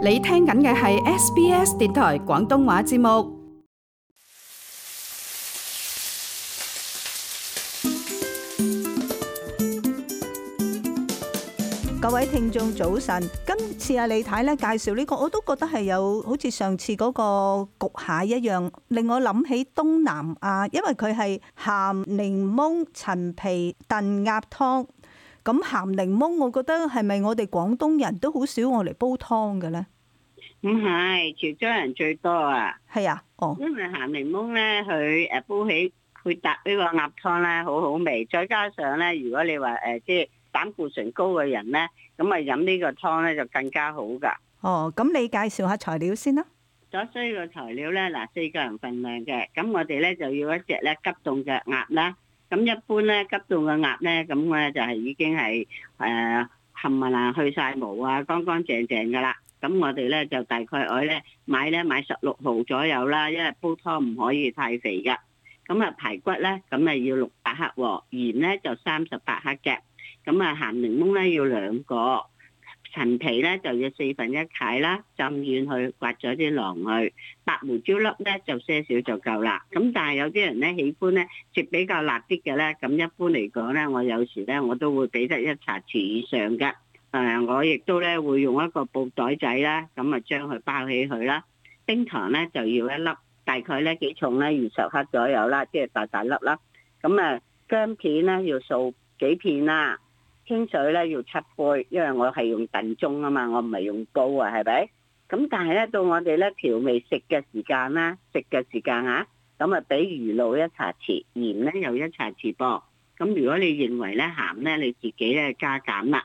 你聽緊嘅係 SBS 電台廣東話節目，各位聽眾，早晨。今次阿李太咧，介紹呢個，我都覺得係有好似上次嗰個焗蟹一樣，令我諗起東南亞，因為佢係鹹檸檬陳皮燉鴨湯。咁鹹檸檬，我覺得係咪我哋廣東人都好少愛嚟煲湯嘅咧？唔係，潮州人最多啊。係、哦、啊，因為鹹檸檬咧，佢誒煲起配搭呢個鴨湯咧，好好味。再加上咧，如果你話誒即係膽固醇高嘅人咧，咁啊飲呢個湯咧就更加好噶。哦，咁你介紹下材料先啦。所需嘅材料咧，嗱，四個人份量嘅，咁我哋咧就要一隻咧急凍嘅鴨啦。咁一般咧，急凍嘅鴨咧，咁咧就係、是、已經係誒冚埋啊，去晒毛啊，乾乾淨淨嘅啦。咁我哋咧就大概我咧買咧買十六號左右啦，因為煲湯唔可以太肥嘅。咁啊排骨咧，咁啊要六百克喎，鹽咧就三十八克嘅。咁啊鹹檸檬咧要兩個。陳皮咧就要四分一塊啦，浸軟去刮咗啲浪去，白胡椒粒咧就些少就夠啦。咁但係有啲人咧喜歡咧食比較辣啲嘅咧，咁一般嚟講咧，我有時咧我都會俾得一茶匙以上嘅。誒，我亦都咧會用一個布袋仔啦，咁啊將佢包起佢啦。冰糖咧就要一粒，大概咧幾重咧二十克左右啦，即係大大粒啦。咁啊薑片咧要掃幾片啦、啊。清水咧要七杯，因為我係用燉盅啊嘛，我唔係用煲啊，係咪？咁但係咧到我哋咧調味食嘅時間啦，食嘅時間啊，咁啊俾魚露一茶匙，鹽咧又一茶匙噃。咁如果你認為咧鹹咧你自己咧加減啦。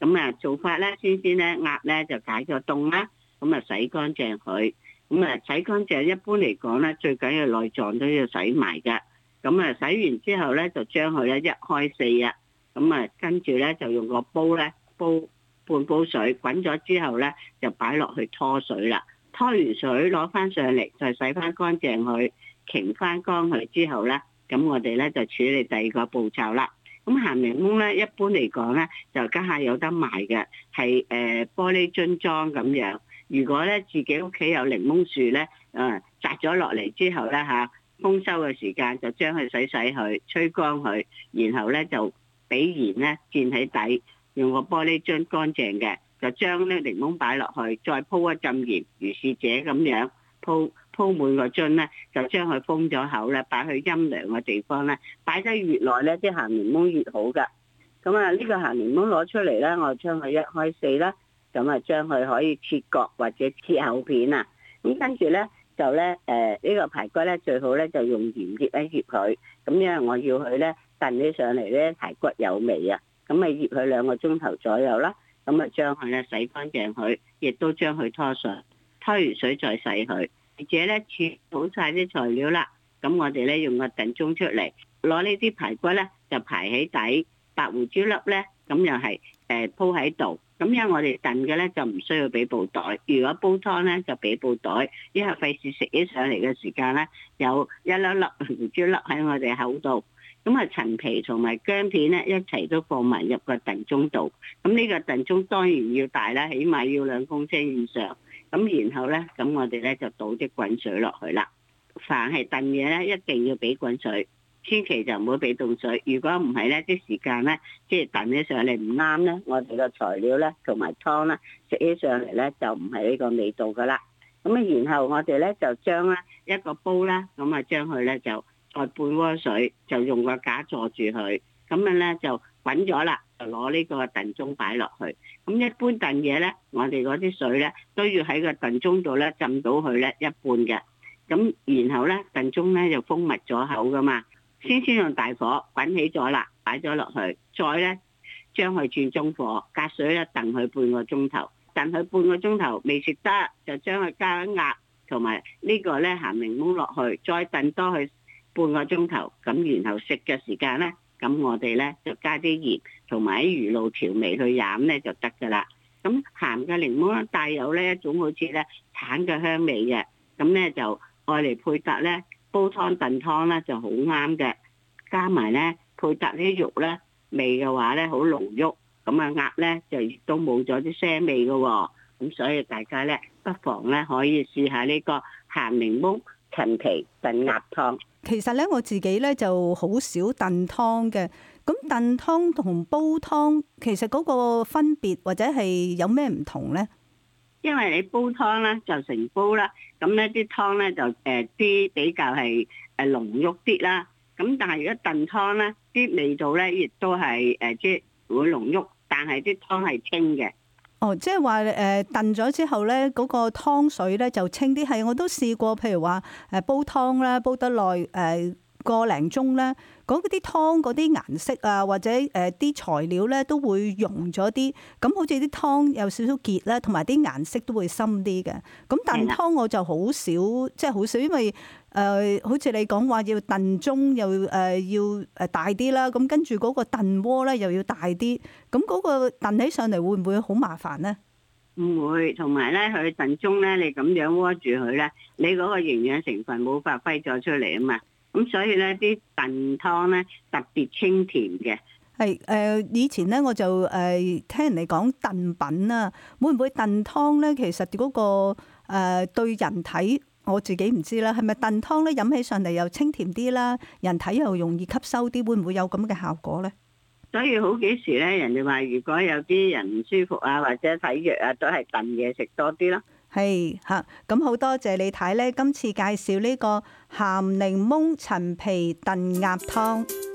咁啊做法咧先先咧鴨咧就解咗凍啦，咁啊洗乾淨佢，咁啊洗乾淨一般嚟講咧最緊要內臟都要洗埋㗎。咁啊洗完之後咧就將佢咧一開四日。咁啊，跟住咧就用個煲咧煲半煲水，滾咗之後咧就擺落去拖水啦。拖完水攞翻上嚟，再洗翻乾淨佢，晾翻乾佢之後咧，咁我哋咧就處理第二個步驟啦。咁鹹檸檬咧，一般嚟講咧就家下有得賣嘅，係誒玻璃樽裝咁樣。如果咧自己屋企有檸檬樹咧，誒摘咗落嚟之後咧嚇，豐、啊、收嘅時間就將佢洗洗佢，吹乾佢，然後咧就。俾鹽咧，墊喺底，用個玻璃樽乾淨嘅，就將呢檸檬擺落去，再鋪一浸鹽，如是者咁樣鋪鋪滿個樽咧，就將佢封咗口啦，擺去陰涼嘅地方啦，擺得越耐咧，啲鹹檸檬越好㗎。咁啊，呢個鹹檸檬攞出嚟咧，我將佢一開四啦，咁啊將佢可以切角或者切厚片啊，咁跟住咧就咧誒呢個排骨咧最好咧就用鹽醃一醃佢，咁因為我要佢咧。燉起上嚟咧，排骨有味啊！咁咪醃佢兩個鐘頭左右啦。咁啊，將佢咧洗乾淨佢，亦都將佢拖上，拖完水再洗佢。而且咧，處理好晒啲材料啦。咁我哋咧用個燉盅出嚟，攞呢啲排骨咧就排起底，白胡椒粒咧，咁又係誒鋪喺度。咁因為我哋燉嘅咧就唔需要俾布袋，如果煲湯咧就俾布袋，因為費事食起上嚟嘅時間咧有一粒粒胡椒粒喺我哋口度。咁啊，陳皮同埋薑片咧一齊都放埋入個燉盅度。咁呢個燉盅當然要大啦，起碼要兩公升以上。咁然後咧，咁我哋咧就倒啲滾水落去啦。凡係燉嘢咧，一定要俾滾水，千祈就唔好俾凍水。如果唔係咧，啲時間咧，即係燉起上嚟唔啱咧，我哋個材料咧同埋湯咧，食起上嚟咧就唔係呢個味道噶啦。咁啊，然後我哋咧就將咧一個煲咧，咁啊將佢咧就。再半鍋水就用個架坐住佢，咁樣咧就滾咗啦，就攞呢個燉盅擺落去。咁一般燉嘢咧，我哋嗰啲水咧都要喺個燉盅度咧浸到佢咧一半嘅。咁然後咧燉盅咧就封密咗口噶嘛，先先用大火滾起咗啦，擺咗落去，再咧將佢轉中火，隔水咧燉佢半個鐘頭。燉佢半個鐘頭未食得，就將佢加啲鴨同埋呢個咧鹹檸檬落去，再燉多佢。半個鐘頭，咁然後食嘅時間呢，咁我哋呢就加啲鹽同埋啲魚露調味去飲呢就得㗎喇。咁鹹嘅檸檬帶有呢一種好似呢橙嘅香味嘅，咁呢就愛嚟配搭呢煲湯燉湯呢就好啱嘅。加埋呢配搭啲肉呢味嘅話呢，好濃郁，咁啊鴨呢就都冇咗啲腥味㗎喎、哦。咁所以大家呢，不妨呢可以試下呢個鹹檸檬。陳皮燉鴨湯，其實咧我自己咧就好少燉湯嘅。咁燉湯同煲湯，其實嗰個分別或者係有咩唔同咧？因為你煲湯咧就成煲啦，咁咧啲湯咧就誒啲比較係誒濃郁啲啦。咁但係如果燉湯咧，啲味道咧亦都係誒即係會濃郁，但係啲湯係清嘅。哦，即係話誒燉咗之後咧，嗰個湯水咧就清啲。係我都試過，譬如話誒煲湯啦，煲得耐誒。呃個零鐘咧，嗰啲湯嗰啲顏色啊，或者誒啲、呃、材料咧，都會溶咗啲。咁、嗯、好似啲湯有少少結啦，同埋啲顏色都會深啲嘅。咁、嗯、燉湯我就好少，即係好少，因為誒、呃、好似你講話要燉盅又誒、呃、要誒大啲啦。咁、嗯、跟住嗰個燉鍋咧又要大啲，咁、嗯、嗰、嗰個燉起上嚟會唔會好麻煩咧？唔會。同埋咧，佢燉盅咧，你咁樣鍋住佢咧，你嗰個營養成分冇發揮咗出嚟啊嘛～咁所以咧，啲燉湯咧，特別清甜嘅。係。誒、呃、以前咧，我就誒、呃、聽人哋講燉品啦，會唔會燉湯咧？其實嗰、那個誒、呃、對人體我自己唔知啦。係咪燉湯咧飲起上嚟又清甜啲啦，人體又容易吸收啲，會唔會有咁嘅效果咧？所以好幾時咧，人哋話如果有啲人唔舒服啊，或者體弱啊，都係燉嘢食多啲啦。係吓，咁好多謝你睇呢。今次介紹呢個鹹檸檬陳皮燉鴨湯。